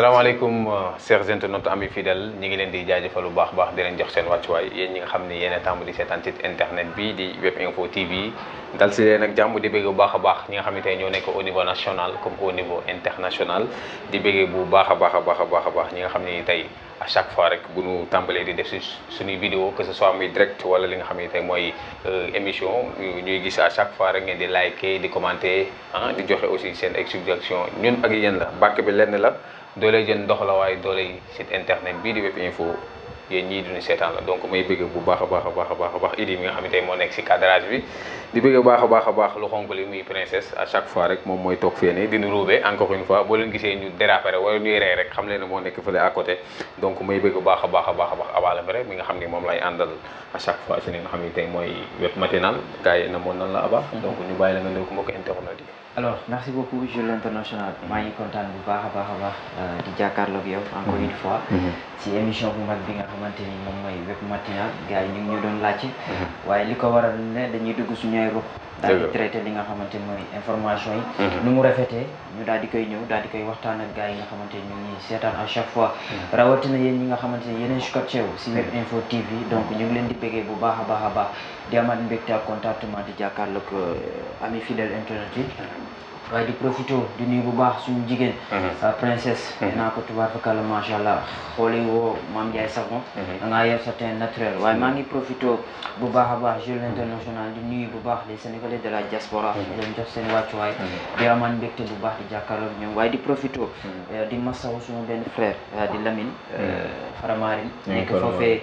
asalaamaaleykum euh, chers internautes amis fidèles ñi ngi leen di jaajëfal bu baax baax di leen jox seen wàccuwaay yéen ñi nga xam ni yéen a tàmm di seetaan site internet bi di web info TV dal si leen ak jàmm di bëgg bu baax a baax ñi nga xam ne tey ñoo nekk au niveau national comme au niveau international di bëgg bu baax a baax a baax a baax a baax ñi nga xam ne tey a chaque fois rek bu ñu tàmbalee di def si suñuy vidéo que ce soit muy direct wala li nga xam ne tey mooy euh, émission ñuy gis à chaque fois rek ngeen di liker di commenter ah di joxe aussi seen ay ñun ak yéen la bàkk bi lenn la dooley jën ndox la waaye dooley site internet bii di web info yéen ñii duñu seetaan la donc may bëgg bu baax a baax a baax nga xam ne tey moo nekk a baax a baax lu xonk li muy princesse à chaque fois rek moom mooy toog fee nii dinu encore une fois boo leen gisee ñu dérapé rek rek xam leen moo nekk fële à côté donc may bëgg baax a baax a baax a baax abala rek mi nga xam ne moom lay àndal à chaque fois si li nga xam ne tey mooy web matinal gars na moon nan la aba mhm. donc ñu bàyyi alors merci beaucoup Jules International mhm. maa ngi kontaan bu baax a baax a baax euh, di jàkkaarloog yow encore mhm. une fois mhm. ci émission bu mag bi nga xamante ni moom mooy web matinal gars yi ñu ngi ñu doon laajte waaye li ko waral ne dañuy dugg suñu ay ruq daal di traité li nga xamante mooy information yi nu mu rafetee ñu daal di koy ñëw daal di koy waxtaan ak gars yi nga xamante ñu ngi seetaan à chaque fois rawatina yéen ñi nga xamante ne yeneen scotché wu ci web info TV donc ñu ngi leen di bëggee bu baax a baax a baax Uh, uh, di amaat mbégte ak contentement di jàkkaarloog ami fidèle internet yi waaye di profité di nuyu bu baax suñu jigéen mhm. uh, princesse mhm. naa ko tubaab fakala macha allah xooli woo maam mhm. Ndiaye Savon sa teint naturel waaye maa ngi profité bu baax a baax jeu international di nuyu bu baax les sénégalais de la diaspora leen jox seen wàccuwaay di amaan mbégte bu baax di jàkkaarloog ñoom waaye di profité di masawu suñu benn frère di Lamine Faramarine nekk foofee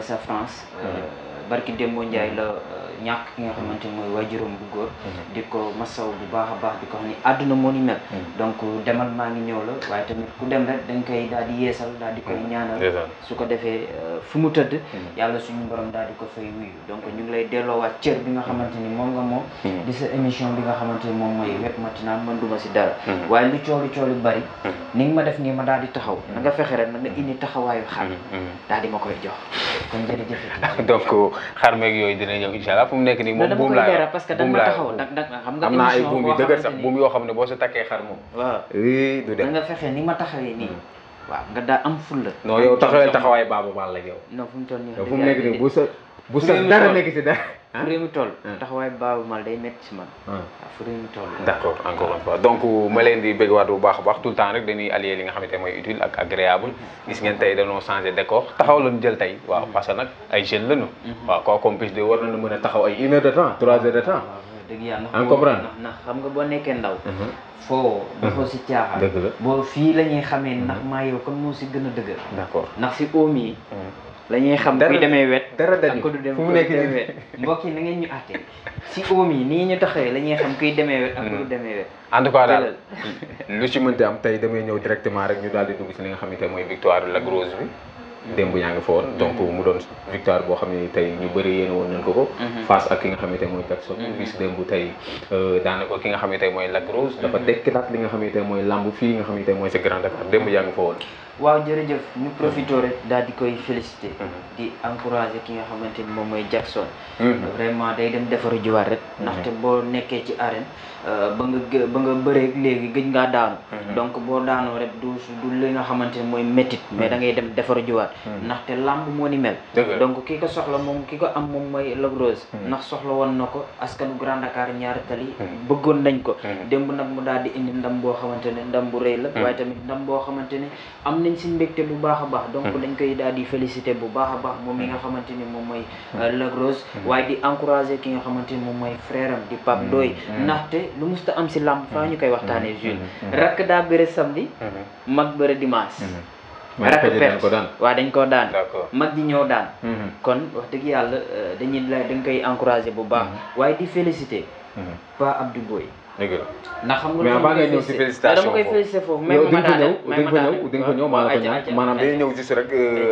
sa France barki démboo Ndiaye la euh, ñàkk ki nga xamante ni mooy waajuram bu góor mhm. di ko masaw bu baax a baax di ko xam ni àdduna moo ni mel mhm. donc demal maa ngi ñëw la waaye tamit ku dem rek dañ koy daal di yeesal daal di koy mhm. ñaanal su ko defee euh, fu mu tëdd yàlla suñu borom daal di ko fay wuyu donc ñu ngi lay delloowaat cër bi nga xamante ni moom nga moom di sa émission bi nga xamante ni moom mooy web matinal man duma si dara waaye lu cooli cooli bari ni nga ma def nii ma daal di taxaw na nga fexe rek na nga indi taxawaayu xar daal di ma koy jox kon jërëjëf donc xar meeg yooyu dina ñëw incha allah fu nekk nii moom buum laa yor parce que da nga xam nga buum yu dëgër sax buum yoo xam ne boo si takkee xar moom waaw du dem nga fexe hmm. am fulla non yow taxawee taxawaay baaba baal la yow non fu mu toll nii fu bu sa dara nekk si dara ah fu réew mi toll. taxawaay Baaba Maal day métti si man. waaw toll. d' accord encore donc ma leen di bëgg waat bu baax a baax tout le temps rek dañuy allier li nga xamante ne mooy utile ak agréable gis taxaw lañu jël tey waaw hmm. parce que ay jeunes lañu. Hmm. waaw quoi comme plus de a taxaw ay une heure de temps trois heures de temps. dëgg yàlla xam nga boo nekkee ndaw hmm. foo dafoo si caaxaan dëgg la boo fii la ñuy xamee ndax maa yow kon moo si gën a dëgg d'accord ndax si oom yi la ñuy xam kuy demee wet ak ku du dem wet mbokk yi na ngeen ñu àtte si oom yi nii ñu taxawee la ñuy xam kuy demee wet ak ku du mm. demee wet en tout daal lu ci mënti am tey damay ñëw directement rek ñu daal di dugg si nga xam ne tey mooy victoire Lac Rose bi démb yaa ngi fa woon mm-hmm. donc mu doon victoire boo xam ne tey ñu bëri yéen woon nañ ko ko mm-hmm. face ak ki nga xam ne tey mooy Jackson mm-hmm. bis démb tey euh, daanaka ki nga xam ne tey mooy Lac Rose dafa dekkilaat li nga xam ne tey mooy lamb fii nga xam ne mooy sa Grand Dakar démb yaa ngi fa waaw jërëjëf ñu profité mm-hmm. rek daal di koy félicité. Mm-hmm. di encouragé ki nga xamante ni moom mooy Jackson. Mm-hmm. vraiment day dem defaru jiwaat rek. ndaxte boo nekkee ci arène euh, ba nga gë ba nga bëree léegi gëj ngaa daanu. donc boo daanoo rek du du li nga xamante ni mooy métit mais da ngay dem defaru jiwaat. ndaxte làmb moo ni mel. donc ki ko soxla moom ki ko am moom mooy Lac ndax soxla woon na ko askanu Grand Dakar ñaari tali. bëggoon nañ ko. démb nag mu daal di indi ndam boo xamante ne ndam bu rëy la. xamante nañ si mbégte bu baax a baax donc hmm. dañ koy daal di félicité bu baax a baax moom mi nga hmm. xamante ni moom mooy hmm. euh, Lac Rose waaye di encouragé ki nga xamante ni moom mooy frère am di Pape Ndoye ndaxte lu musta am si làmb faa ñu koy waxtaanee Jules rakk daa bëre samedi mag bëre dimanche rakk perte waa dañ koo daan mag di ñëw daan kon wax dëgg yàlla euh, dañu la dañ koy encouragé bu baax waaye di félicité Pa Abdou Boye dëgg la ndax xam nga mais avant ngay ñëw si félicitation ma nga ko ñëw maa la ko ñëw maanaam dañuy ñëw juste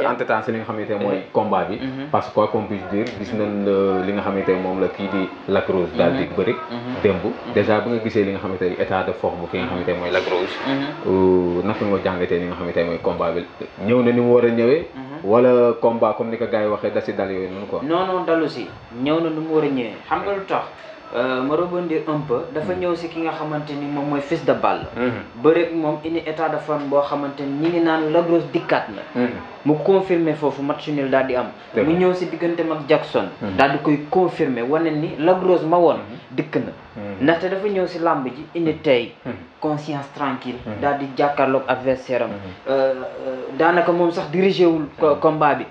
a entre-temps si li nga xamante mooy mm-hmm. combat bi mm-hmm. parce que quoi qu'on puisse dire gis nañ euh, li nga xamante moom la kii di Lac Rose dèjà mm-hmm. bi nga gisee li nga xamante ni état de forme ki nga xamante mooy Lac Rose euh, naka nga jàngatee li nga xamante mooy combat bi ñëw na ni mu war a ñëwee wala combat comme ni ko gars yi waxee da si dal yooyu noonu quoi non non dalu si ñëw na ni mu war a ñëwee xam nga lu tax Euh, ma rebondir un peu dafa mm-hmm. ñëw si ki nga xamante ni moom mooy fils de balle. Mm-hmm. bëreeg moom indi état de forme boo xamante ni ñu ngi naan Lac Rose dikkaat na. Mm-hmm. mu confirmer foofu match nul daal di am. mu ñëw si digganteem ak Jackson. daal di koy confirmer wane ni Lac Rose ma woon dikk na. Hmm. ndaxte dafa ñëw si làmb ji indi tey hmm. conscience tranquille hmm. daal di jàkkaarloog adversaire am euh, euh, daanaka moom sax dirigé wul combat bi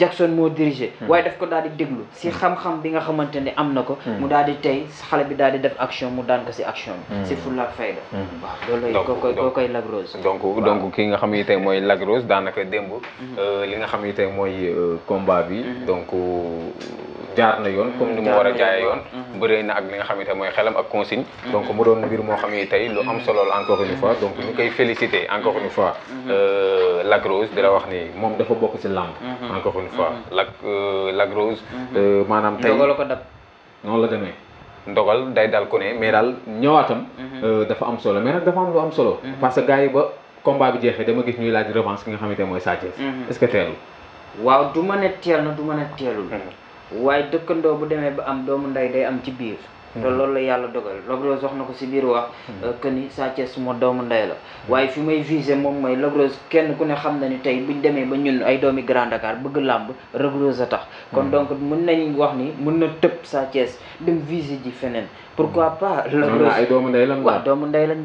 Jackson moo dirigé waaye daf ko daal di déglu si xam-xam bi nga xamante ne am na ko mu daal di tey xale bi daal di def action mu daan si action bi si fulla ak fayda waaw koy koo koy Lac donc donc ki nga xam ne tey mooy Lac daanaka démb euh, li nga xam ne tey mooy combat bi donc jaar na yoon comme ni mu war a jaayee yoon mm-hmm. bëree na ak li nga xamante mooy xelam ak consigne donc mu doon mbir moo xam ne tey lu am solo la encore une fois ñu koy féliciter encore une fois mm-hmm. euh, Lac Rose la wax ni moom dafa bokk ci làmb mm-hmm. encore une fois Lac euh, Lac Rose euh, maanaam tey dogal ko dab noonu la demee ndogal day dal ku ne mais daal ñëwaatam dafa am solo mais nag dafa am lu am solo parce que gars yi ba combat bi jeexee dama gis ñuy laaj revanche ki nga xamante mooy Sa Thiès est-ce que teelul waaw du ma ne teel na du ma ne teelul waaye dëkkandoo bu demee ba am doomu ndey day am ci biir te loolu la yàlla dogal Lac Rose wax na ko si biir wax hmm. euh, que ni Sa Thiès moo doomu ndey la waaye fi may visé moom mooy Lac kenn ku ne xam na ni tey buñ demee ba ñun ay doomi Grand Dakar bëgg làmb Lac Rose a tax kon hmm. donc mën nañ wax ni mën na tëb Sa Thiès dem visé ji feneen pourquoi hmm. pas Lac Rose ay doomu ndey lañ waaw doomu ndey lañ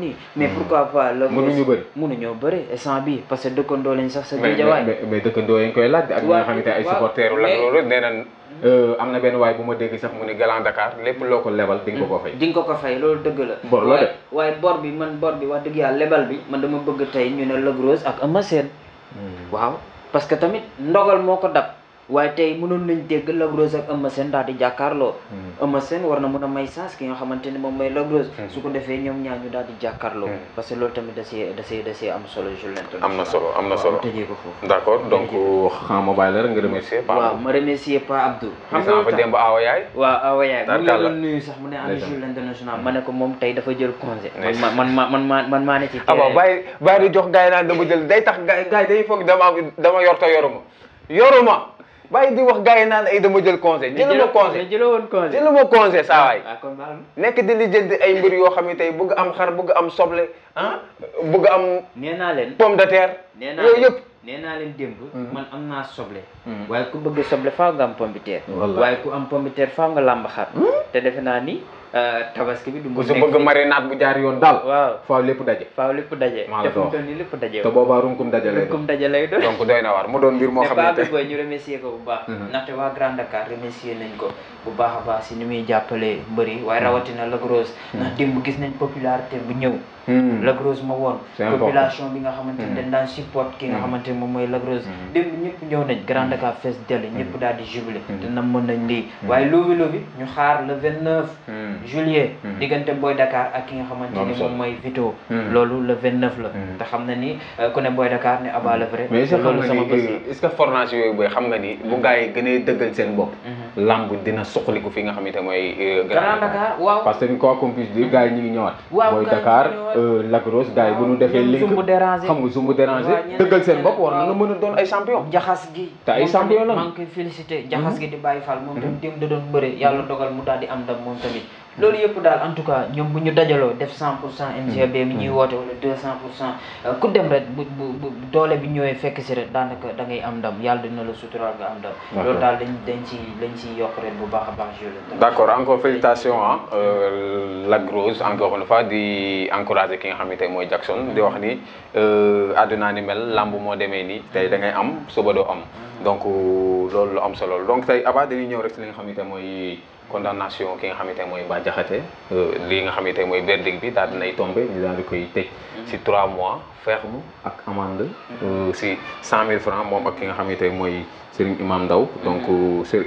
nii mais pourquoi pas Lac Rose mënuñu bëri mënuñoo bëri instant bi parce que dëkkandoo lañ sax sa géejawaay mais dëkkandoo yi ñu koy laaj ak ñi nga Euh, am na benn waay bu ma dégg sax mu ne Galant Dakar lépp loo ko lebal di ko ko fay. di ko ko fay loolu dëgg la. bor la de waaye bor bi man bor bi wax dëgg yàlla lebal bi man dama bëgg tey ñu ne la Rose ak ma Sène hmm. waaw parce que tamit ndogal moo ko dab. waaye tey mënoon nañ dégg Lac Rose ak Eumeu Sène daal di jàkkaarloo. Hmm. Eumeu na mën a may chance ki nga xamante ni moom mooy Lac hmm. ko defee ñoom ñaar ñu daal di jàkkaarloo. Hmm. parce que loolu tamit da see da see da see am solo Julien. am na solo am na solo waaw tëjee ko foofu. d' accord donc euh, xam nga bàyyi rek nga remercier Pa Abdou. ma remercier Pa Abdou. mu ngi doon nuyu sax ma ne ko moom tey dafa jël congé. man man man man man man maa ne ci. ah waaw bàyyi bàyyi di jox gars yi naan dama jël day tax gars yi day foog dama dama yor te yoruma yoruma bàyyi di wax gars yi naan ay dama jël conseil jëluma conseil jëluma conseil saa waay ah, ah, nekk di lijjanti ay mbir yoo xam ne tey bëgg am xar bëgg am soble ah bëgg am nee naa leen pomme de terre yooyu yëpp nee naa leen démb mhm. man am naa soble mhm. waaye bëgg soble faaw nga am pomme de terre waaye ku am pomme de terre faaw nga làmb xar hmm? te defe naa ni Eh, tabaski bi. du mu nekk ku si bëgg marinade bu jaar yoon daal. waaw faaw lépp daje. faaw lépp daje. maa la te fu mu nii lépp daje. te boobaa runkum daje lay doon runkum daje lay doon. donc doy na waar mu doon mbir moo xam ne tey. mais ñu remercier ko bu baax. Mhm. ndaxte waa Grand Dakar remercier nañ ko bu baax a baax si ni muy jàppalee mbër yi waaye rawatina la grosse. Mhm. ndax démb gis nañ popularité bu ñëw Hmm. Lac Rose ma woon population bi nga xamante hmm. daan support ki nga hmm. xamante ne moom mooy Lac Rose démb ñëpp ñëw nañ Grand Dakar fees dell ñëpp daal di jubilé dina mën nañ lii waaye loobi loolu la te euh, Dakar ne Aba le vrai loolu sama bés a euh, dëggal lamb dina suqaliku fi nga xamante mooy euh, Grand Dakar waaw parce que ni quoi qu'on puisse dire gars yi ñu Dakar Euh, Lac Rose gars yi bu ñu defee link xam nga zumbu dérangé dëggal seen bopp war na mën a doon ay champion jaxas gi te ay champion la maa ngi félicité jaxas mhm. gi di bàyyi fall moom tamit mhm. démb da doon bëre yàlla dogal mu daal di am ndam moom tamit loolu yëpp daal en tout cas ñoom bu ñu dajaloo def cent pour cent NGB mi ñuy mm-hmm. woote wala deux cent pour cent euh, ku dem rek bu doole bi ñëwee fekk si rek daanaka da ngay am ndam yàlla dina la suturaal nga am ndam loolu daal dañ dañ ci lañ ci yokk rek bu baax a baax jl d'accord encore félicitations ah Lac Rose di encourager ki nga xam ne tey mooy Jackson di wax ni euh, àdduna ni mel lamb moo demee nii tey da ngay am suba doo am mm-hmm. donc loolu lu am solo donc tey Abba dañuy ñëw rek si li nga xam ne mooy condamnation ki nga xamante mooy Bah Diakhaté euh, lii nga xamante mooy verdict bi daal dinay tombé ñu daal koy tëj mm-hmm. si trois mois ferme ak amende mm-hmm. euh, si cent mille francs moom ak ki nga xamante mooy Serigne Imam Ndao mm-hmm. donc euh,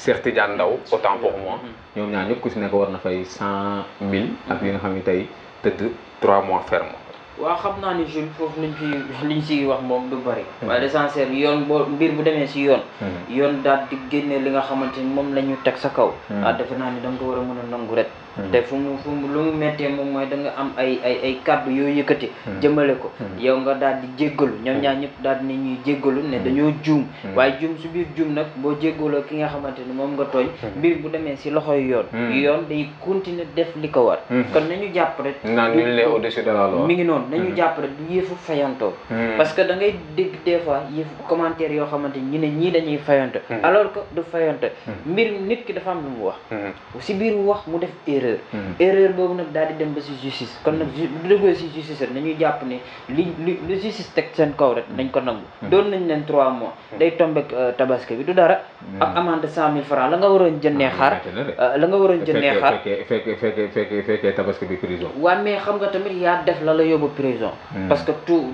Cheikh Tidiane Ndao autant pour moi ñoom ñaar ñëpp ku si nekk war na fay cent mille ak li nga xamante tëdd trois mois ferme waa xam naa ni Jules foofu liñ fi liñ si wax moom du bëri. Hmm. waaye l'essentiel yoon boo mbir bu demee si yoon. Hmm. yoon daal di génne li nga xamante ni moom la ñu teg sa kaw. Hmm. ah defe naa ni da ko war a mën a nangu rek. Mm. te fu mu fu mu lu mu méttee moom mooy da nga am ay ay ay kàddu yoo yëkkati. Mm. jëmale ko mm. yow nga daal di jéggalu ñoom ñaar ñëpp daal di ne ñuy jéggalu ne dañoo juum. waaye juum su biir juum nag boo jéggaloo ki nga xamante ni moom nga tooñ. mbir bu demee si loxo yu yoon. yoon day continuer def li ko war. kon nañu jàpp rek. naan ñu de la loi mi ngi noonu nañu jàpp rek du yëfu fayantoo. parce que da ngay dégg des fois yëfu commentaire yoo xamante ñi ne ñii dañuy fayante. alors que du fayante. mbir nit ki dafa am lu mu erreur mm-hmm. erreur boobu nag daal di dem ba si justice kon nag mm-hmm. bu déggoo si justice rek nañuy jàpp ne lu justice teg seen kaw rek nañ ko nangu mm-hmm. doon nañ leen trois mois day tombek euh, tabaski bi du dara ak amende cent mille francs la nga waroon jëndee ah, xaar euh, la nga waroon jëndee xaar fekkee fekkee fekkee fekkee tabaski bi prison xam nga tamit yaa def la la yóbbu prison parce que tout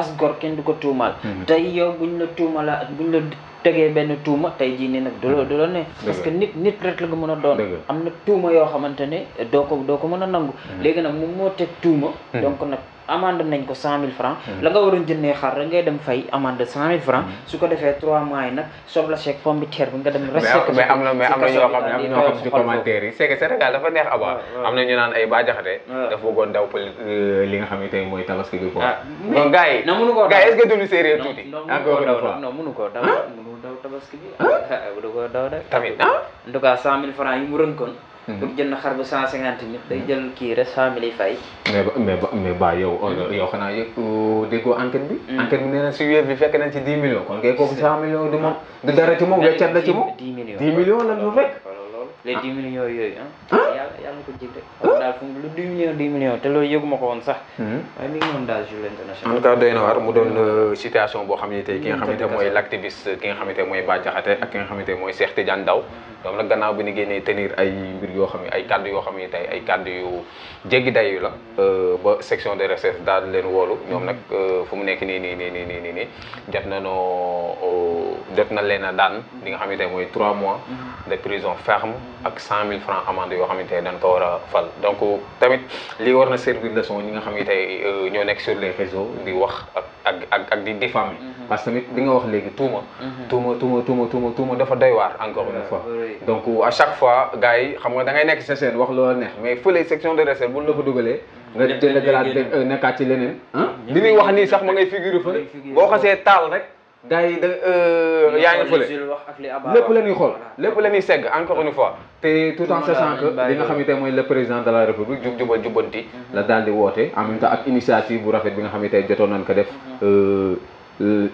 as gor kenn du ko tuumaal tey yow buñ la tuumala buñ la tegee benn tuuma tey jii nii nag du la mm-hmm. du la ne parce que nit nit rek la nga mën a doon am na tuuma yoo xamante ne doo ko doo ko mën a nangu mm-hmm. léegi nag moom moo teg tuuma mm-hmm. donc nag amande nañ ko cent mille francs hmm. la nga waroon jëndee xar rek ngay dem fay amande cent mille francs hmm. su ko defee trois mois yi nag soble chèque pomme ne am na ñoo xam ci commentaire yi euh, ah, yi ko ah, cent mille francs yi mu bu mhm. jël na xar bu cent cinquante mille day jël kii rek cent mille yi fay. mais mais mais ba yow. Oh, mhm. yow xanaa yëg euh, déggoo enquête bi. Mhm. enquête bi nee si wéef bi fekk nañ ci dix millions kon kay kooku cent millions du ah. moom du dara ci moom weccat la la ñu fekk. les ah. dix millions yooyu ah. ah. yàlla lu dix millions dix millions te loolu yëguma ko woon sax. Hmm. waaye mi ngi noonu daal Jules mu doon euh, situation boo xam ne tey ki nga xamante mooy l'activiste ki nga xamante mooy Bah Diakhaté ak ki nga xamante mooy Cheikh Tidiane Ndao. donc nag gannaaw bi ni génnee tenir ay mbir yoo xam ne ay kaddu yoo xam ne tey ay kaddu yu day yu la. Euh, ba section de recherche daal leen woolu ñoom nag hmm. euh, fu mu nekk nii nii nii nii nii nii jot na noo jot na leen a daan li nga xamante mooy trois mois hmm. de prison ferme. ak cent mille francs amende yoo xamante ne dañ ko war a fal donc tamit war na servir leçon ñi nga xam ne tey euh, ñoo nekk sur les réseaux di wax ak ak ak ak di diffamer mhm. parce que tamit li nga wax léegi tuuma mhm. tuuma tuuma tuuma tuuma tuuma dafa doy waar encore une fois donc à chaque fois gars yi xam nga da ngay nekk sa seen wax loola neex mais fële section de recherche bu la fa dugalee nga jël galaat nekkaat ci leneen ah li wax nii sax ma ngay figure fa boo xasee taal rek gars yi da euh, yaa ngi fële lépp la ñuy xool lépp la ñuy segg encore une fois te tout en sachant que li nga xamante mooy le président de la république jub jubal jubbanti mhm. la daal di woote en même ak initiative bu rafet bi nga xamante jotoon nañ ko def mhm. euh,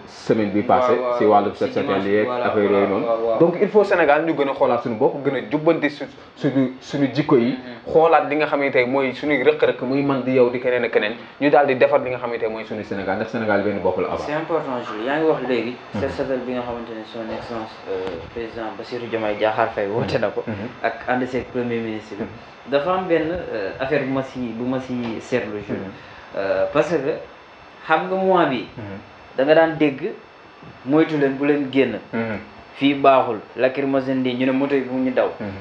semaine bi passé si wàllu set setal yeeg affaire yooyu noonu donc il faut Sénégal ñu gën a xoolaat suñu bopp gën a jubbante su suñu suñu jikko yi mm-hmm. xoolaat li nga xam mooy suñu rëkk-rëkk muy man di yow di keneen keneen ñu daal di defar li nga xam ne mooy suñu Sénégal ndax Sénégal benn bopp la avant wax léegi mm-hmm. set setal bi nga xamante ne son excellence euh, président Bassirou Diomaye Diakhar Faye woote na ko mm-hmm. ak ànd seeg premier ministre euh, affaire bu ma si bu ma si seetlu Jules euh, parce que xam nga mois bi da nga daan dégg moytu leen bu leen génn. Mhm. fii baaxul lacrymogène di ñu ne moto yi bu ñu daw. Mhm.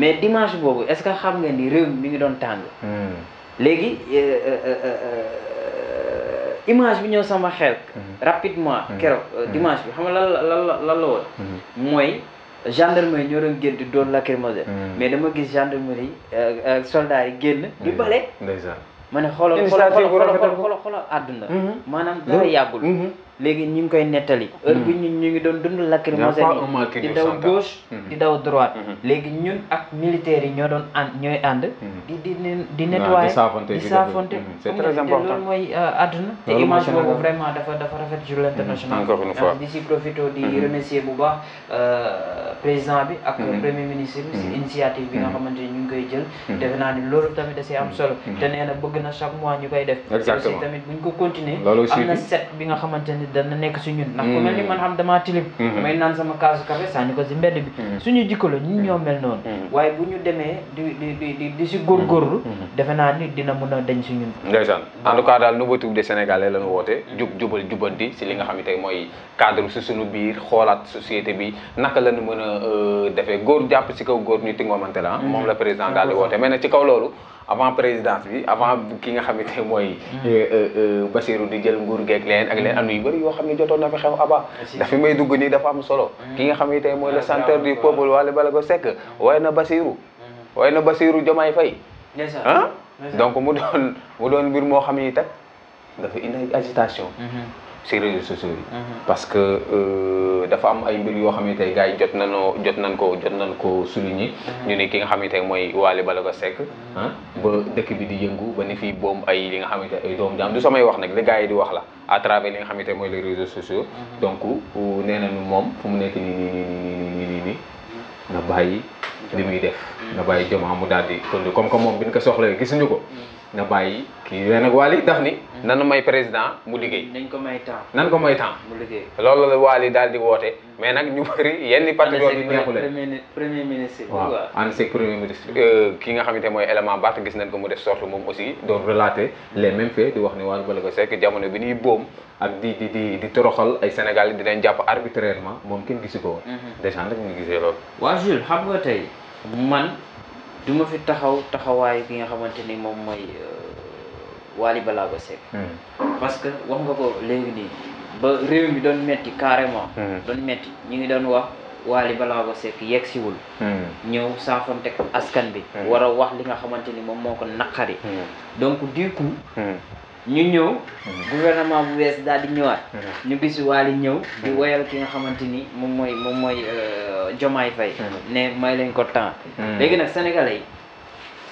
mais dimanche boobu est-ce que xam nga ni réew mi ngi doon tàng. Mhm. léegi euh, euh, euh, image bi ñëw sama xel. rapidement keroog dimanche bi xam nga lan la lan la woon. mooy gendarmerie ñoo doon génn di doon lacrymogène. mais dama gis gendarmerie soldats yi génn. di bale. ndeysaan ma ne xoolal xoolal xoolal xoolal àdduna mm-hmm. maanaam dara yàggul mm-hmm. léegi ñu ngi koy nettali. heure bi hmm. ñun ñu doon dund lacrymogène yi di hmm. di daw droite. Hmm. léegi ñun ak militaires yi ñoo doon ànd ñooy ànd. di di di di saafonte di saafonte. c'est très mooy euh, àdduna. te image boobu vraiment dafa rafet jour international. encore une fois euh, di si profité di remercier bu baax euh, président bi ak premier ministre bi si initiative bi nga xamante ni ñu ngi koy jël. defe naa ni loolu tamit da see am solo. te nee na bëgg na chaque mois ñu koy def. nga xamante ni dana nekk si ñun ndax ku hmm. mel ni man xam damaa tilim hmm. may naan sama kaasu café sànni ko si mbedd bi hmm. suñu jikko la ñun ñoo mel noonu waaye bu ñu demee di di di di si góorgóorlu defe naa ni dina mun a dañ si ñun en tout cas daal nouveau tour des sénégalais lañu woote jub jubal jubanti si li nga xam ne mooy cadre su suñu biir xoolaat société bi naka lañu mën a euh, defee góor jàpp si kaw góor ñu tingoomante la ah. moom la président daal di woote mais nag ci kaw loolu avant présidence bi avant ki nga xamante ne mooy. Hmm. Euh, euh, euh, Bassirou di jël nguur geeg leen ak leen hmm. am na yu bëri yoo xam ne jotoon na fi xew Aba. Ah, dafa may dugg nii dafa am solo. Hmm. ki nga xamante ne mooy la ah, centre du peuple wala bala ko sekk waaye na Bassirou. waaye na Bassirou Diomaye Faye. ah donc mu doon mu doon mbir moo xam ne itam dafa indi agitation. si réseaux sociaux yi. Mhm. parce que euh, dafa am ay mbir yoo xam ne tey gars yi jot nañoo jot nañ ko jot nañ ko souligner. Mhm. ñu ne ki nga xam ne tey mooy Wally Ballago Seck. Mhm. ah ba dëkk bi di yëngu ba ni fii boom ay li nga xam ne ay doomu jaam du samay wax nag li gars yi di wax la à travers li nga xam ne tey mooy les réseaux sociaux. donc euh, nee nañu moom fu mu nekk nii nii nii nii nii na bàyyi li muy def. na bàyyi jëmm mu daal di comme que moom bi ñu ko soxlawee gisuñu ko. nga bàyyi kii yooyu nag Waly daf ni. Hmm. nan may président mu liggéey. nañ ko may temps loolu la Waly di woote. Hmm. mais nag ñu bëri yenn patriotes yi neexu leen premier ministre. waaw ànd seeg premier hmm. euh, mooy élément Bart gis nañ ko mu def sorte moom aussi doon relater les jamono bi ñuy boom ak di di di di toroxal ay Sénégal di leen jàpp arbitrairement moom kenn gisu ko woon. déjà nag gisee loolu. waa Jules xam nga tey man. du ma fi taxaw taxawaay bi nga xamante ni moom mooy waali euh, Wally Ballago Seck hmm. parce que wax nga ko léegi nii ba réew mi doon metti carrément hmm. doon metti ñu ngi doon wax Wally Ballago Seck siwul hmm. ñëw saafonte askan bi war a wax li nga xamante ni moom moo ko naqari donc du coup ñu ñëw mhm. gouvernement bu bees daal di ñëwaat mhm. ñu gis Wally ñëw di mhm. woyal ki nga xamante ni moom mooy moom mooy euh, Diomaye Faye ne may lañ ko temps léegi nag sénégalais yi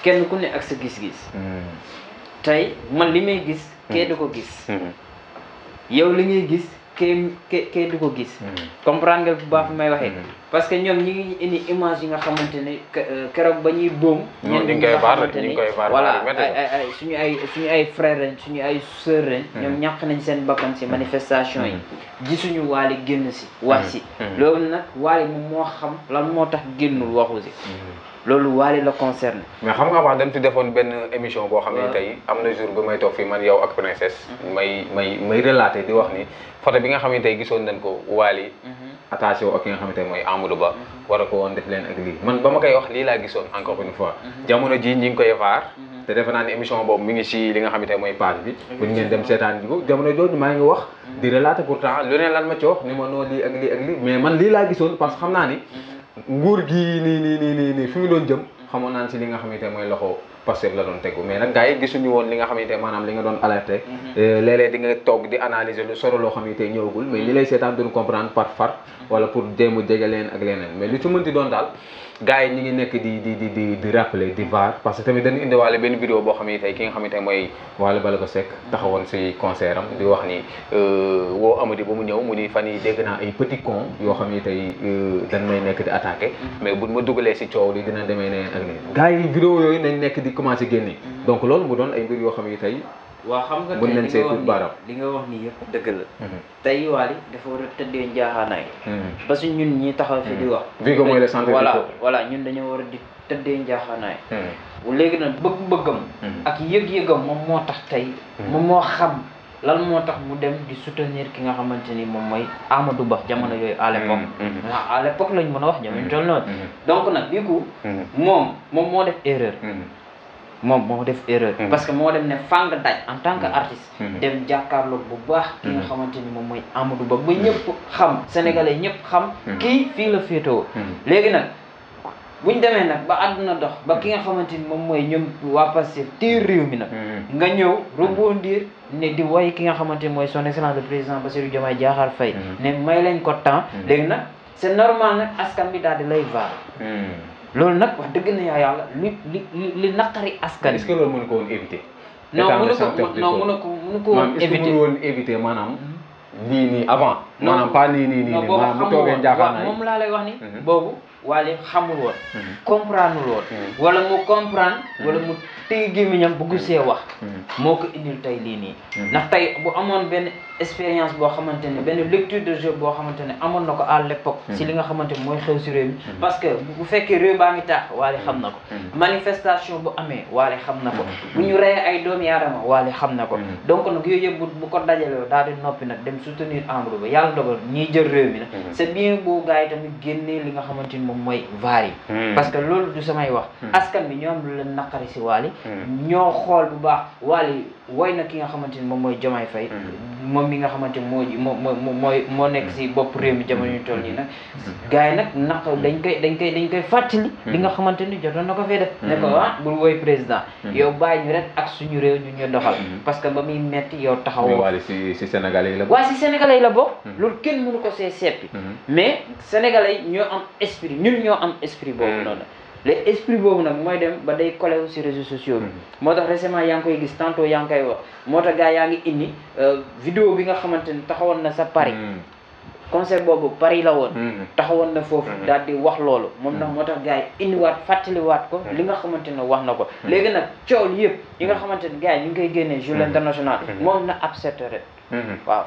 kenn ku ne ak sa gis-gis tey man li may gis kee du ko gis yow li ngay gis kenn kenn du ko gis. Mm. comprendre nga bu baax fi may waxee. Mm. parce que ñoom ñi ngi indi image yi nga xamante ne euh, keroog ba ñuy boom. ñoom ñu ngi koy baar ñu ngi koy ay suñu ay suñu ay frères suñu ay sœurs mm. ñoom ñàkk nañ seen bakkan si manifestation yi. gisuñu waale génn si. wax si loolu nag waale moom moo xam lan moo tax génnul waxu si. loolu waale la concerne mais xam nga avant dañ fi defoon benn émission boo xam ne tey am na jour ba may toog fii man yow ak princesse mm-hmm. may may may relater di wax ni photo bi nga xam ne gisoon nañ ko waali attaché wu ak ki nga xam ne mooy Amadou Ba mm-hmm. war a ko woon def leen ma koy wax lii laa gisoon encore une mm-hmm. jamono ji ñi ngi koy vaar te defe naa ne émission boobu mi ngi ci li nga xam mooy page bi bu ngeen dem seetaan ji ko jamono maa ngi wax di relater pourtant lu nee lan ma ci wax ni ma noo lii ak lii mais man lii laa gisoon parce que xam naa ni nguur gi ni ni nii nii nii fi mu doon jëm xamoon naan si li nga xamante ne mooy loxo Pastef la doon tegu mais nag gars yi gisuñu woon li nga xamante ne maanaam li nga doon alerté mhm. euh, léeg di nga toog di analyser lu soro loo xamante ne ñëwagul mais ñi mhm. lay seetaan duñu comprendre par far mhm. wala pour déemu jege leen ak leneen mais lu ci mënti doon daal gars yi ñu ngi nekk di di di di di rappeler di parce que tamit dañu indiwaale benn vidéo boo xam ne tey ki nga xam ne tey mooy Wally Ballago Seck taxawoon si concert di wax ni euh, woo amadi ba mu ñëw mu ni fan yi dégg naa ay petit con yoo xam ne tey euh, dana may nekk di attaqué mais buñ ma dugalee si coow li dina demee neneen ak ne gars yi vidéo yooyu nañ nekk di commencé génne donc loolu mu doon ay mbir yoo xam ne tey waaw xam nga mën nañ see tuut baaraam li nga wax nii yëpp dëgg la mhm. tey Wally dafa war a tëddee njaaxaanaay parce mhm. que ñun ñi taxaw fi di mhm. wax Vigo mooy le centre du voilà ñun dañoo war a di tëddee njaaxaanaay léegi nag bëgg-bëggam ak yëg-yëgam moom moo tax tey moom moo xam lan moo tax mu dem di soutenir ki nga xamante ni moom mooy Amadou Ba jamono yooyu à l'époque ah, à lañ mën a wax jamono jol noonu donc nag bii moom moom moo def erreur moom moo def erreur. Hmm. parce que moo dem ne fang daj en tant que hmm. artiste. Hmm. dem jàkkaarloog bu baax. ki nga xamante ni moom mooy Amadou Ba ba ñëpp xam. sénégalais ñëpp xam. kii fii la féetewoo. léegi nag bu demee nag ba àdduna dox ba ki nga xamante ni moom mooy ñoom waa Pastef tiir réew mi nag. nga ñëw diir ne di woy ki nga xamante ni mooy son excellence le président Bassirou Diomaye Diakhar fay ne may lañ ko temps. léegi nag c'est normal nag askan bi daal di lay vaal. loolu nag wax dëgg na yaa yàlla li li li naqari askan est-ce que loolu mënu ko woon éviter. non mënu ko non mënu ko mënu ko woon éviter est-ce que mënu woon nii avant. maanaam pas nii nii nii nii maanaam bu toogee njaaxaan moom laa lay wax ni mhm. boobu. waali xamul woon mm-hmm. comprendre woon mm-hmm. wala mu comprendre mm-hmm. wala mu tëy gémmiñam bu see wax moo ko indil tey lii nii ndax tey bu amoon benn expérience boo xamante ne benn lecture de jeu boo xamante ne amoon na ko à l'époque si li nga xamante ne mooy xew si réew mi parce que bu fekkee réew baa ngi taax waali xam na ko manifestation bu amee waale xam na ko bu ñu reyee ay doomi aadama waali xam na ko donc nag yooyu yëpp bu ko dajaloo daal di noppi nag dem soutenir Amadou Ba yàlla dogal ñiy jël réew mi nag moom mooy vaar yi hmm. parce que loolu du samay wax hmm. askan bi ñoom lu leen naqari si Wally hmm. ñoo xool bu baax Wally woy na ki nga xamante ni moom mooy Diomaye Faye moom mi nga xamante ni moo moo mooy moo nekk si bopp réew mi jamono ñu toll nii nag gars yi nag naq dañ koy dañ koy dañ koy fàttali li nga xamante ni jotoon na ko fee def ne ko ah bul woy président yow bàyyi ñu rek ak suñu réew ñu ñu doxal parce que ba muy metti yow taxawoo Wally si si Sénégalais yi la bokk waa si Sénégalais yi la bokk loolu kenn mënu ko see seppi mais Sénégalais yi ñoo am esprit ñun ñoo am esprit boobu hmm. noonu les esprit boobu nag mooy dem ba day collé ci réseaux sociaux bi hmm. moo tax récemment yaa ngi koy gis tantôt yaa ngi koy wax moo tax gars yaa ngi indi euh, vidéo bi nga xamante ni taxawoon na sa Paris hmm. concert boobu Paris la woon taxawoon na foofu daal di wax loolu moom nag moo tax gars yi indiwaat fàttaliwaat ko li nga xamante ne wax na ko léegi nag cool yëpp yi nga xamante ne gars yi ñu ngi koy génnee jour international moom na ab waaw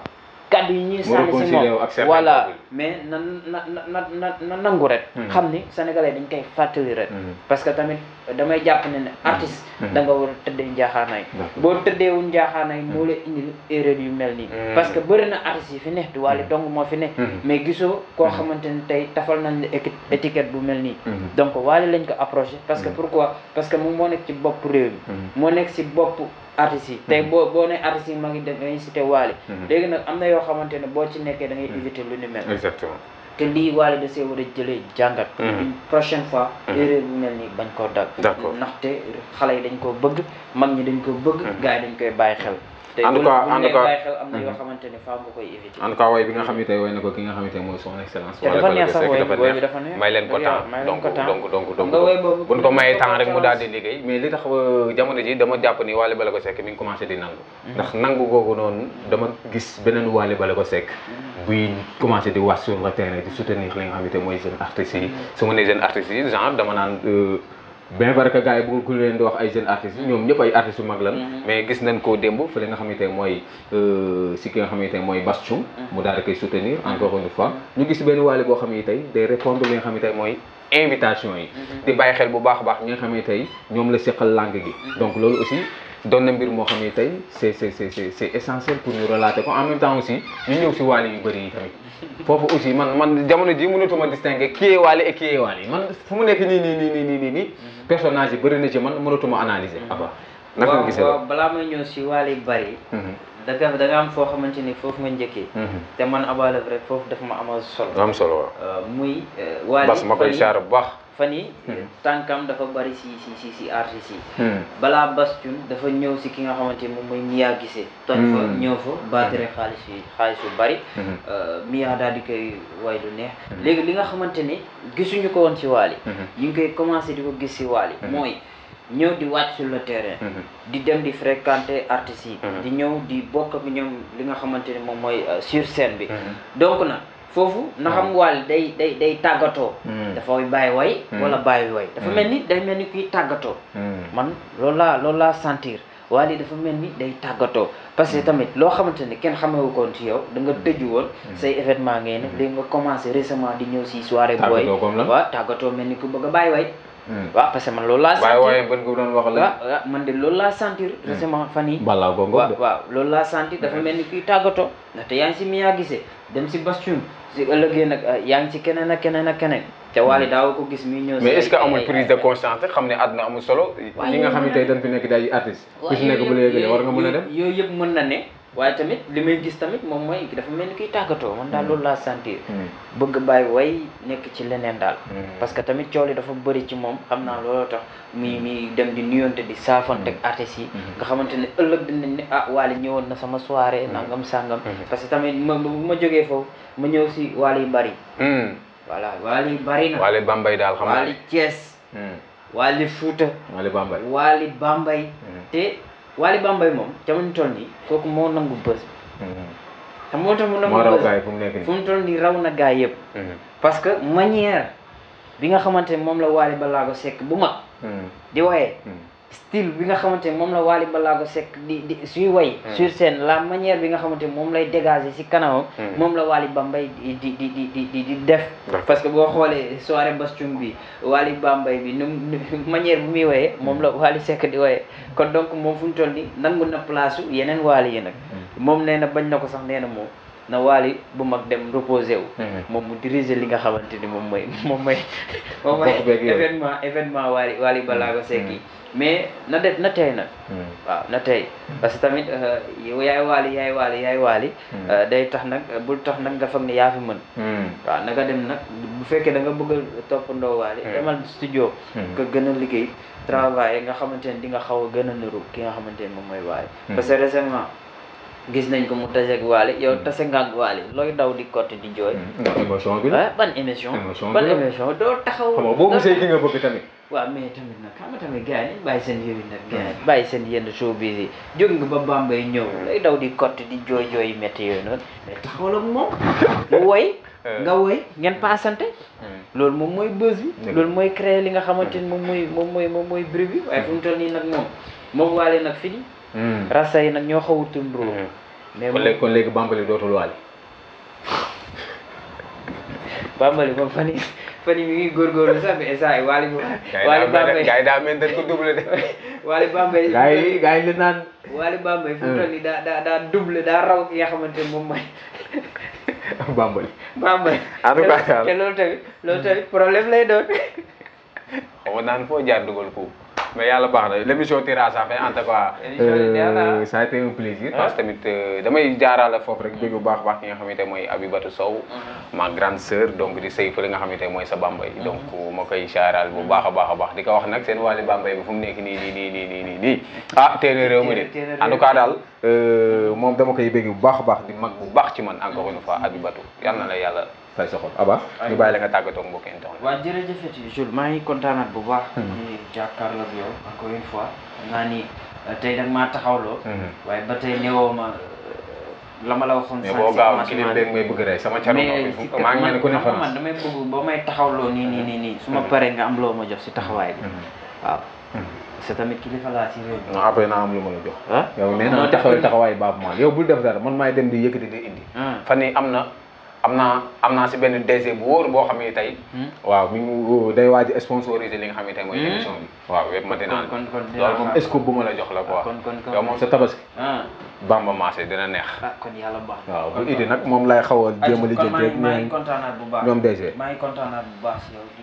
kàddu yi ñuy sànni si moom voilà mais na na na na na nangu ret hmm. xam ni sénégalais dañ koy fàttali ret hmm. parce que tamit damay jàpp ne ne hmm. artiste hmm. da nga war a tëddee njaaxaanaay boo tëddeewul njaaxaanaay hmm. moo la indil erreur yu mel nii parce que bëri na artistes yi fi ne du wàllu dong moo fi ne mais gisoo koo xamante ne tey tafal nañ la étiquette bu mel nii donc waale lañ ko approché parce que pourquoi parce que moom moo nekk ci bopp réew moo nekk si bopp artistes yi tey boo boo ne artistes yi ma ngi dangay cité waale léegi nag am na yoo xamante ne boo ci nekkee da ngay éviter lu ni mel te lii waale da see war a jëlee jàngat. Mm-hmm. une prochaine fois. Mm-hmm. erreur bu mel nii bañ koo dagg. d'accord ndaxte xale yi dañ koo bëgg mag ñi dañ koo bëgg. Mm-hmm. gars yi dañ koy bàyyi xel. en tout cas en tout cas am na yoo mhm. nga koy éviter en tout cas way bi nga xam ne tey way na ko ki nga xamante ne mooy son excellence wala dafa neex dafa may leen ko temps donc donc donc donc bu ñu rek mu daal di liggéey mais li tax euh, jamono dama jàpp ni Wally Ballago Seck mi ngi commencé di nangu mhm. ndax nangu googu noonu dama gis beneen Wally Ballago Seck mhm. buy commencé di wax sur le terrain di soutenir mooy jeune artistes yi su ma nee jeune artistes yi genre dama naan euh, bien vrai que gars yi bu ku leen di wax ay jeunes artistes ñoom ñëpp ay artistes yu mag lan mm-hmm. mais gis nañ ko démb fële nga xamante ne mooy euh, si ki nga xamante ne mooy Bastion mm-hmm. mu daal di koy soutenir mm-hmm. encore une fois ñu gis benn waale boo xam ne tey day répondre li nga xamante ne mooy invitation yi di bàyyi xel bu baax a baax ñi nga xam ne tey ñoom la seqal langue gi donc loolu aussi doon na mbir moo xam ne tey c'est c'est c'est c'est essentiel pour ñu relater ko en même temps aussi ñu ñëw si waale yu bëri yi tamit foofu aussi man man jamono ji mënatuma distinguer kii waale et kii waale man fu mu nekk nii nii nii nii nii nii personnage yi bëri na ci man mënatuma analyser aba naka nga gisee waaw balaa may ñëw si waale yu bëri mhm. da nga da nga am foo xamante ni foofu nga njëkkee mhm. te man abalev rek foofu daf ma amal solo am solo euh, muy euh, waale bas ma koy saar bu baax fan yi hmm. tànkam dafa bari si si si si hmm. balaa Bass Thioung dafa ñëw si ki nga xamante moom mooy Mia Guissé toj fa hmm. ñëw fa baatere xaalis yi xaalis yu bari euh, Mia daal di koy way lu neex léegi li nga xamante ni gisuñu ko woon si Wally yi ngi koy commencé di ko gis si Wally mooy ñëw di wàcc sur le terrain di dem di fréquenter artistes yi di ñëw di bokk ak ñoom li nga xamante ne moom mooy euh, sur scène bi donc nag foofu na xam waal day day day tàggatoo hmm. dafa bàyyi way hmm. wala bàyyi way dafa hmm. mel ni day mel ni kuy tàggatoo man loolu laa loolu laa sentir waal dafa mel ni day tàggatoo parce que tamit loo xamante ne kenn xamewu ko ci yow da nga tëju woon say événement ngay ne léegi commencé récemment di ñëw si soirée booy waaw tàggatoo mel ni ku bëgg bàyyi way waaw parce que man loolu laa sentir waaye ban ko doon wax la waaw man laa sentir récemment fan yi balaa ko waaw waaw laa sentir dafa mel ni kuy tàggatoo ndaxte yaa ngi si miyaa gisee dem si Bastoun si ëllëgee nag ah, yaa ngi ci keneen ak keneen ak keneen. te hmm. waale daaw ko gis muy ñëw. mais est-ce que amul prise de conscience te xam ne àdduna amul solo. ñi nga xam ne tey dañ fi nekk day artiste. ku si nekk bu la yëgalee war nga mën a dem. yooyu yëpp mën na ne. waaye tamit li may gis tamit moom mooy dafa mel ni kuy tàggatoo man daal mm. loolu laa sentir. Mm. bëgg bàyyi way nekk ci leneen daal. Mm. parce que tamit coow li dafa bëri ci moom xam naa looloo tax muy muy dem di nuyonte di saafante ak artistes yi. Mm-hmm. nga xamante ne ëllëg dinañ ne ah Wally ñëwoon na sama soirée mm-hmm. nangam sangam. Mm-hmm. parce que tamit ma bu ma jógee foofu ma ñëw si Wally bari. voilà Wally bari na. Wally Bambey daal xam naa Wally Thiès. Wally Fouta. Wally Bambey te. Wally Bambey moom jamono toll nii kooku moo nangu bës. Mhm. moo tax mu nangu bës fu mu nekk nii fu mu nii raw na gaa yëpp. Mhm. parce que manière bi nga xamante ne moom la Wally Ballago Seck bu mag. Mhm. di woyee style bi nga xamante ne moom la Wally Ballago sekk di di suy way hmm. sur seen la manière bi nga xamante ne moom lay dégager ci kanamam hmm. moom la Wally Bambay di di di di di di def parce que boo xoolee soirée Bastion bi Wally Bambay bi nu manière bu muy woyee moom la hmm. Wally Seck di woyee kon donc moom fu ñu toll ni nangu na place u yeneen Wally yi nag moom nee na bañ na ko sax nee na moom na waali bu mag dem reposé wu. moom mu diriger li nga xamante ni moom mooy moom mooy. moom mooy événement événement waali waali balaa ko sekk yi mais na def na tey nag hmm. waaw na tey parce que tamit euh, yaay waali yaay waali yaay waali hmm. euh, day tax nag bu tax nag nga foog ne yaa fi mën hmm. waaw nag a dem nag bu fekkee da nga bëgg a toppandoo waali demal studio nga gën a liggéey travail nga xamante ne di nga xaw a gën a niru ki nga xamante ne moom mooy waali parce que récemment gis nañ ko mu taseeg waale yow tase nga ak waale looy daw di côté di jooy. ndax émission bi la ban émission. ban émission doo taxaw. boo gisee ki nga bëgg tamit. waaw mais tamit nag xam nga tamit gars yi bàyyi seen yooyu nag gars yi hmm. bàyyi seen yenn soo yi jóg nga ba Bambey ñëw lay daw di cotte di jooy jooy métti yooyu noonu mais taxawal ak moom woy euh. nga woy ngeen paasante hmm. loolu moom mooy buzz bi loolu mooy créer li nga xamante ni moom mooy moom mooy moom mooy bruit bi waaye fu nii nag moom moom waale nag fi ni hmm. rasa nag ñoo xaw a mais kon léegi kon léegi Bambey dootul waale Bambey moom fan fan yi mi ngi góorgóorlu sax mais instant yii Waly moom. Waly Bambey gars yi daa mel dañ ko doublé de. Waly Bambey. gars yi gars yi li naan. Waly Bambey fu mu hmm. toll nii daa daa raw ki nga xamante ne moom mooy. Bambey. Bambey en tout lay doon. xaw naan foo jaar dugal ko. mais yàlla baax na l' émission tire à sa fin en tout euh, a été un plaisir. parce tamit euh, damay jaaraale foofu rek bëgg bu baax baax ki nga xamante mooy Abibatou Sow. Mhm. ma grande sœur donc di sëy fële nga xamante mooy sa Bambay. Mhm. donc euh, moo koy jaaraal bu baax a baax a baax di ko wax nag seen wàllu Bambay bi fu mu nekk nii nii nii nii nii nii ah téere réew mi en tout cas daal moom dama koy bëgg bu baax a baax di mag bu baax ci man encore une fois Abibatou yal na la yàlla. fay sa xol Aba ñu bàyyi la nga tàggatoo mbokk internet waaw jërëjëfet yi Jules maa ngi kontaanaat bu baax ñu hmm. jàkkaarloo ak yow encore ni euh, tey nag maa taxawloo hmm. waaye ba tey newoo ma euh, la ma la waxoon boo gaaw ki ne may bëgg rek sama caro maa ni nii nii nii su ma hmm. paree nga am loo ma jox si taxawaay bi waaw c'est tamit kilifa laa si réew mi. non après naa am lu ma la jox. Ah? yow nee naa taxawaay baa baabu maa yow bul def dara man maay dem di yëkkati di indi. Ah. fan yii am na am naa am naa si benn DG bu wóor boo xam ne tey. Hmm? waaw mi ngi oh, day waaj a sponsorisé li nga xam ne tey mooy hmm? émission bi. waaw web matinal kon kon kon loolu moom scoop bu ma la jox la quoi. Ah, kon kon kon yow moom sa tabaski. Ah. Bamba Massé dina neex. ah kon yàlla baax na. waaw bu Idi nag moom lay xaw a jéem a lijjanti. kon man maa ngi kontaanaat bu baax ñoom DG. maa ngi kontaanaat bu baax si yow di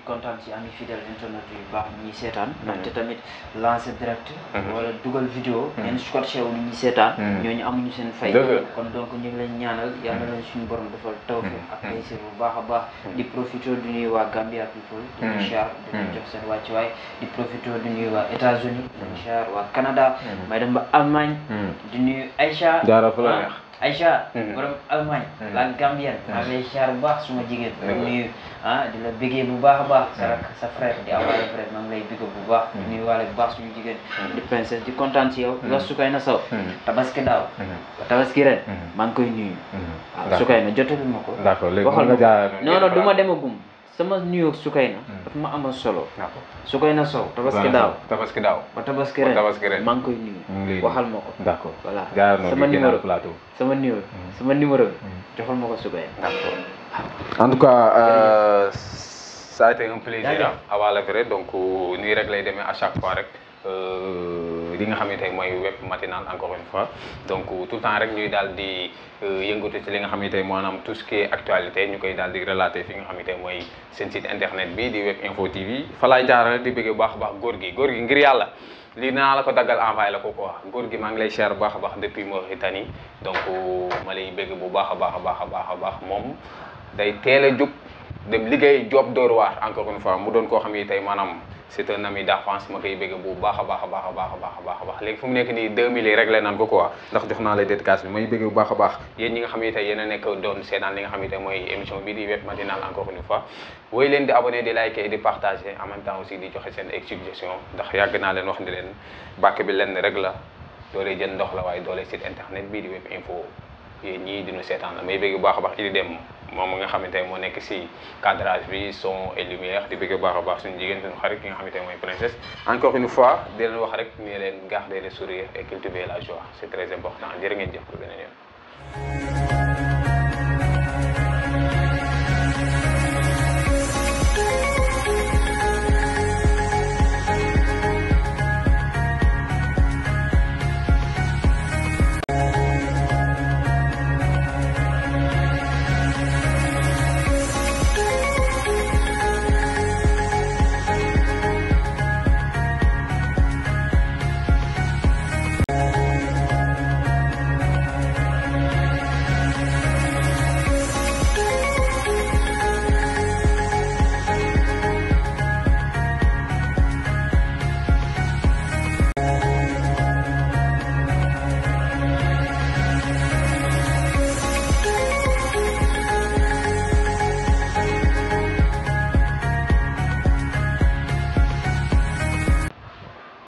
mm-hmm. tamit lancer direct. Mm-hmm. wala dugal vidéo. Mm-hmm. ngeen scotché wu ñuy seetaan. ñooñu amuñu seen fay. kon donc ñu ngi ñaanal yàlla leen suñu borom defal tawfeex ak ay bu baax a baax. di profité du nuyu waa Gambia people. di nuyu Char di nuyu jox seen wàccuwaay. di profité du nuyu waa États-Unis. di nuyu Char waa Canada. may dem ba Allemagne. di nuyu ay Aïcha jaara fu la ah, neex Aïcha mhm. borom Allemagne mhm. la mhm. bu baax suma jigéen ah, di la bégee bu baax a baax sa rak sa frère di awaale frère maa lay bégee bu baax nuyu waale bu baax suñu jigéen di princesse di kontaan si yow la Soukayna Sow tabaski daaw tabaski ren maa koy nuyu waaw ah, Soukayna jotalu ma ko d'accord léegi gum sama nuyoo Soukeyna dafa hmm. ma amal solo Soukeyna Sow tabaski daaw tabaski daaw ba oh, tabaski ren oh, tabaski ren maa ngi koy nuyu waxal ma ko d'accord voilà sama numéro plateau sama numéro hmm. sama numéro bi joxal ma ko Soukeyna d'accord en tout cas euh, ça a été un plaisir à la vraie donc euh, nii rek lay demee à chaque fois rek euh, li nga xamante ne mooy web matinal encore une fois donc tout le temps rek ñuy daal di euh, yëngatu ci li nga xamante ne maanaam tout ce qui actualité ñu koy daal di relater fi nga xamante ne mooy seen site internet bi di web info TV fa laay jaarale di bëgg baax a baax góor gi góor gi ngir yàlla lii naa la ko daggal envoyé la ko quoi góor gi maa ngi lay cher bu baax a baax depuis Mauritanie donc ma lay bëgg bu baax a baax a baax a baax a baax moom day teel a jóg dem liggéey job door waar encore une mu doon koo xam ne tey maanaam. c'est un ami d'enfance ma koy bëgg bu baax a baax a baax a baax a baax a baax léegi fu mu nekk nii 2000 réglé naan ko ndax jox naa la dédicace bi may bëgg baax a baax yéen ñi nga xam ne a nekk doon seetaan li nga xam ne mooy émission bi di web matinal encore une woy leen di abonné di liker di partager en même temps aussi di joxe seen ay ndax yàgg naa leen wax ne leen bàkk bi lenn rek la doolee ndox la waaye doole site internet bii yéen ñii dinu seetaan la may bëgg bu baax a baax idi dem moom nga xamante ne moo nekk si cadrage bi son et lumière di bëgg baax a baax suñ jigéen suñu xarit ki nga xamante ne mooy princesse encore une fois di leen wax rek ni leen garder sourire et cultiver la joie c'est très important jërë ngeen jëf pour beneen yoon